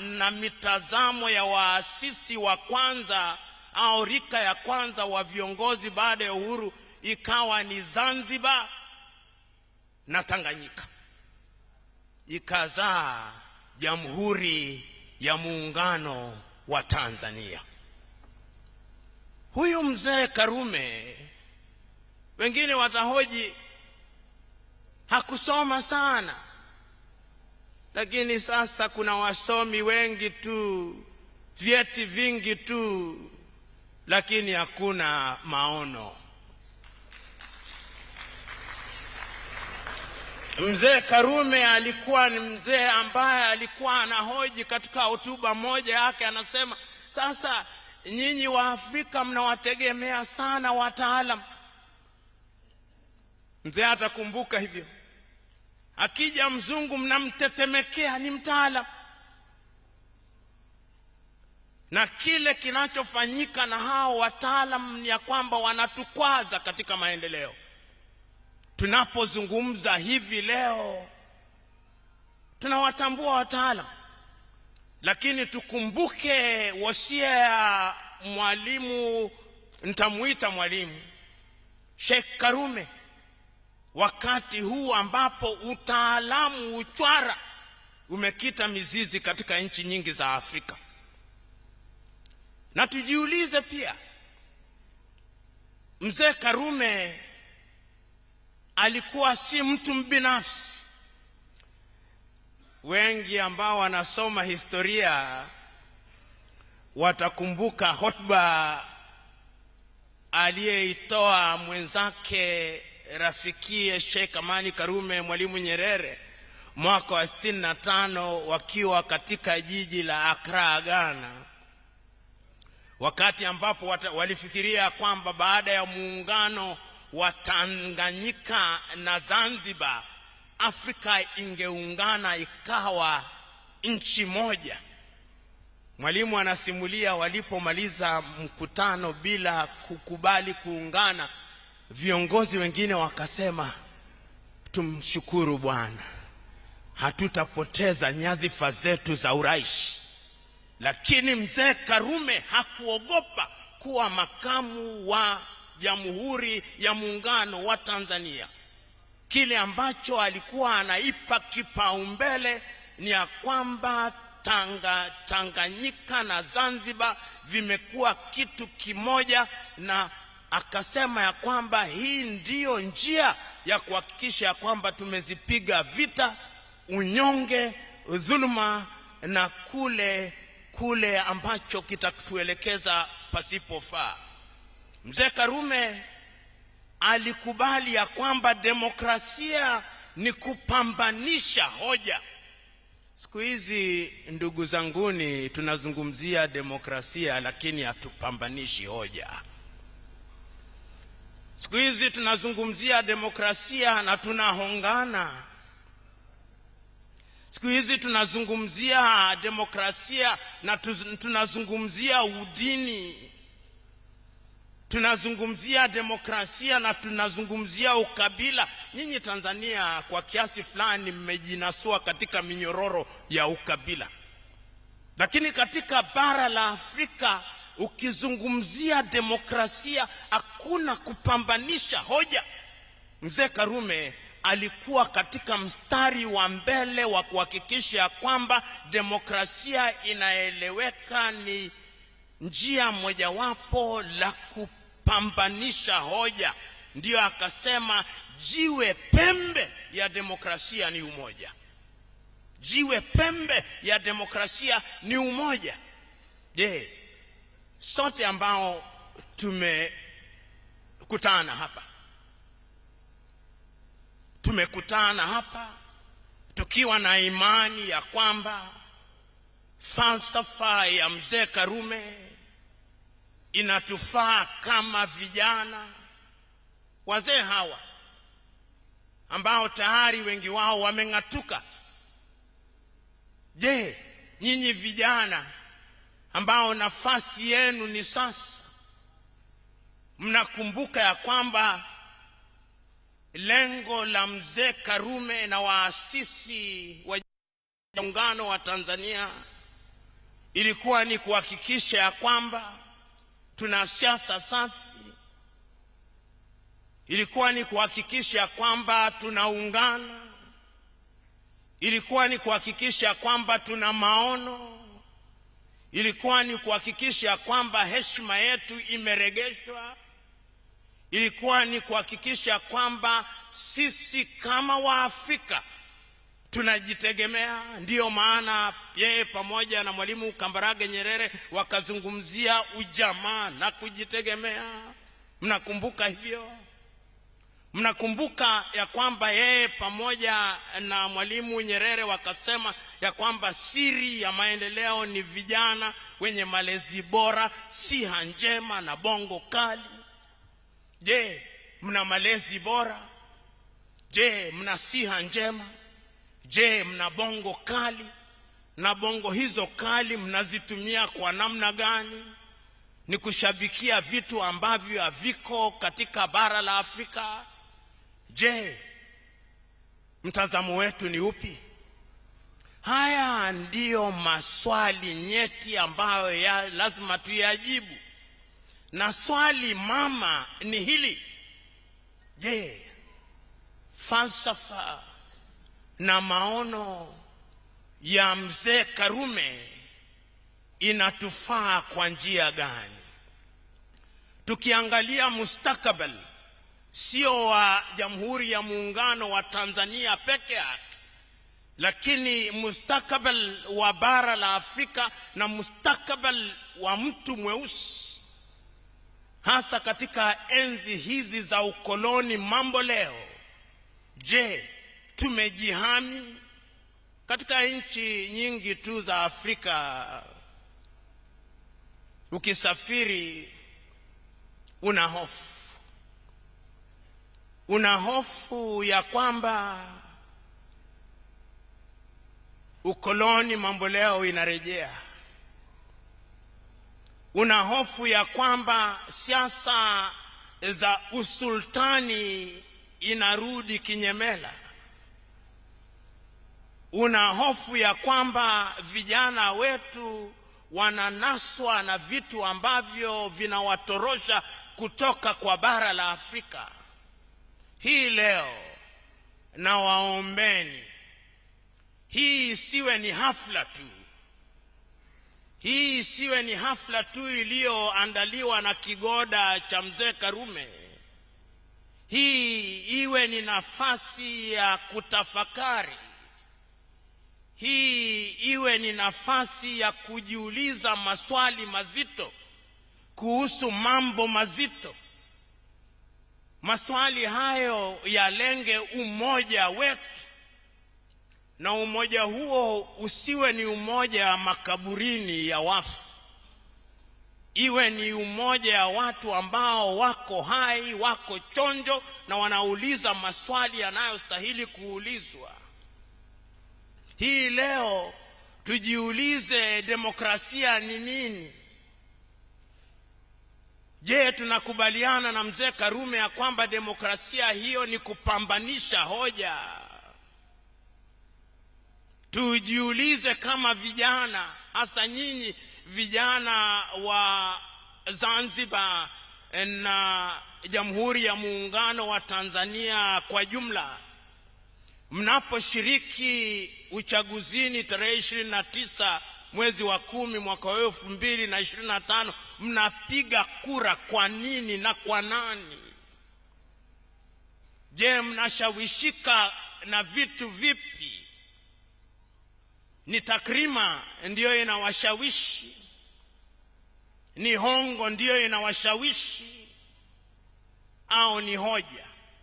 na mitazamo ya waasisi wa kwanza au rika ya kwanza wa viongozi baada ya uhuru ikawa ni Zanzibar na Tanganyika, ikazaa Jamhuri ya Muungano wa Tanzania. Huyu mzee Karume, wengine watahoji hakusoma sana lakini sasa kuna wasomi wengi tu, vyeti vingi tu, lakini hakuna maono. Mzee Karume alikuwa ni mzee ambaye alikuwa anahoji katika hotuba moja yake, anasema sasa, nyinyi wa Afrika mnawategemea sana wataalamu. Mzee atakumbuka hivyo. Akija mzungu mnamtetemekea, ni mtaalam Na kile kinachofanyika na hao wataalam ni ya kwamba wanatukwaza katika maendeleo. Tunapozungumza hivi leo, tunawatambua wataalam lakini tukumbuke wasia ya mwalimu, nitamwita mwalimu Sheikh Karume wakati huu ambapo utaalamu uchwara umekita mizizi katika nchi nyingi za Afrika. Na tujiulize pia, mzee Karume alikuwa si mtu mbinafsi. Wengi ambao wanasoma historia watakumbuka hotuba aliyeitoa mwenzake rafikie Sheikh Amani Karume Mwalimu Nyerere mwaka wa 65 wakiwa katika jiji la Accra, Ghana, wakati ambapo walifikiria kwamba baada ya muungano wa Tanganyika na Zanzibar Afrika ingeungana ikawa nchi moja. Mwalimu anasimulia walipomaliza mkutano bila kukubali kuungana Viongozi wengine wakasema, tumshukuru Bwana, hatutapoteza nyadhifa zetu za urais. Lakini mzee Karume hakuogopa kuwa makamu wa Jamhuri ya Muungano wa Tanzania. Kile ambacho alikuwa anaipa kipaumbele ni ya kwamba Tanga, Tanganyika na Zanzibar vimekuwa kitu kimoja na akasema ya kwamba hii ndiyo njia ya kuhakikisha ya kwamba tumezipiga vita unyonge, dhuluma na kule kule ambacho kitatuelekeza pasipofaa. Mzee Karume alikubali ya kwamba demokrasia ni kupambanisha hoja. Siku hizi ndugu zanguni, tunazungumzia demokrasia lakini hatupambanishi hoja. Siku hizi tunazungumzia demokrasia na tunahongana. Siku hizi tunazungumzia demokrasia na tunazungumzia udini, tunazungumzia demokrasia na tunazungumzia ukabila. Nyinyi Tanzania kwa kiasi fulani mmejinasua katika minyororo ya ukabila, lakini katika bara la Afrika Ukizungumzia demokrasia hakuna kupambanisha hoja. Mzee Karume alikuwa katika mstari wa mbele wa kuhakikisha kwamba demokrasia inaeleweka ni njia mojawapo la kupambanisha hoja. Ndiyo akasema jiwe pembe ya demokrasia ni umoja. Jiwe pembe ya demokrasia ni umoja. Je, sote ambao tumekutana hapa tumekutana hapa tukiwa na imani ya kwamba falsafa ya mzee Karume inatufaa kama vijana. Wazee hawa ambao tayari wengi wao wameng'atuka, je, nyinyi vijana ambao nafasi yenu ni sasa. Mnakumbuka ya kwamba lengo la mzee Karume na waasisi wa muungano wa Tanzania ilikuwa ni kuhakikisha ya kwamba tuna siasa safi, ilikuwa ni kuhakikisha kwamba tunaungana, ilikuwa ni kuhakikisha kwamba tuna maono ilikuwa ni kuhakikisha kwamba heshima yetu imeregeshwa, ilikuwa ni kuhakikisha kwamba sisi kama Waafrika tunajitegemea. Ndiyo maana yeye pamoja na Mwalimu Kambarage Nyerere wakazungumzia ujamaa na kujitegemea. Mnakumbuka hivyo? Mnakumbuka ya kwamba yeye pamoja na Mwalimu Nyerere wakasema ya kwamba siri ya maendeleo ni vijana wenye malezi bora, siha njema na bongo kali. Je, mna malezi bora? Je, mna siha njema? Je, mna bongo kali? Na bongo hizo kali mnazitumia kwa namna gani? Ni kushabikia vitu ambavyo haviko katika bara la Afrika? Je, mtazamo wetu ni upi? Haya ndiyo maswali nyeti ambayo ya lazima tuyajibu, na swali mama ni hili: je, falsafa na maono ya mzee Karume inatufaa kwa njia gani? Tukiangalia mustakabali sio wa Jamhuri ya Muungano wa Tanzania peke yake, lakini mustakabali wa bara la Afrika na mustakabali wa mtu mweusi, hasa katika enzi hizi za ukoloni mambo leo. Je, tumejihami? Katika nchi nyingi tu za Afrika ukisafiri una hofu una hofu ya kwamba ukoloni mambo leo inarejea. Una hofu ya kwamba siasa za usultani inarudi kinyemela. Una hofu ya kwamba vijana wetu wananaswa na vitu ambavyo vinawatorosha kutoka kwa bara la Afrika hii leo na waombeni, hii isiwe ni hafla tu, hii isiwe ni hafla tu iliyoandaliwa na kigoda cha mzee Karume. Hii iwe ni nafasi ya kutafakari, hii iwe ni nafasi ya kujiuliza maswali mazito kuhusu mambo mazito. Maswali hayo yalenge umoja wetu, na umoja huo usiwe ni umoja wa makaburini ya wafu, iwe ni umoja wa watu ambao wako hai, wako chonjo na wanauliza maswali yanayostahili kuulizwa. Hii leo tujiulize, demokrasia ni nini? Je, tunakubaliana na mzee Karume ya kwamba demokrasia hiyo ni kupambanisha hoja? Tujiulize kama vijana, hasa nyinyi vijana wa Zanzibar eh, na Jamhuri ya Muungano wa Tanzania kwa jumla, mnaposhiriki uchaguzini tarehe ishirini na tisa mwezi wa kumi mwaka wa elfu mbili na ishirini na tano mnapiga kura kwa nini na kwa nani? Je, mnashawishika na vitu vipi? Ni takrima ndiyo inawashawishi? Ni hongo ndiyo inawashawishi au ni hoja?